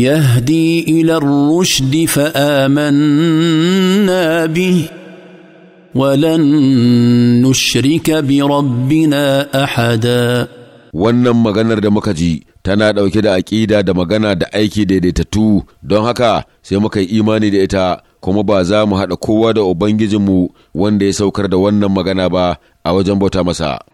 يهدي الى الرشد فامنا به ولن نشرك بربنا احدا wannan maganar da muka ji tana ɗauke da aƙida da magana da aiki daidaitattu don haka sai muka yi imani da ita kuma ba za mu haɗa kowa da ubangijinmu wanda ya saukar da wannan magana ba a wajen bauta masa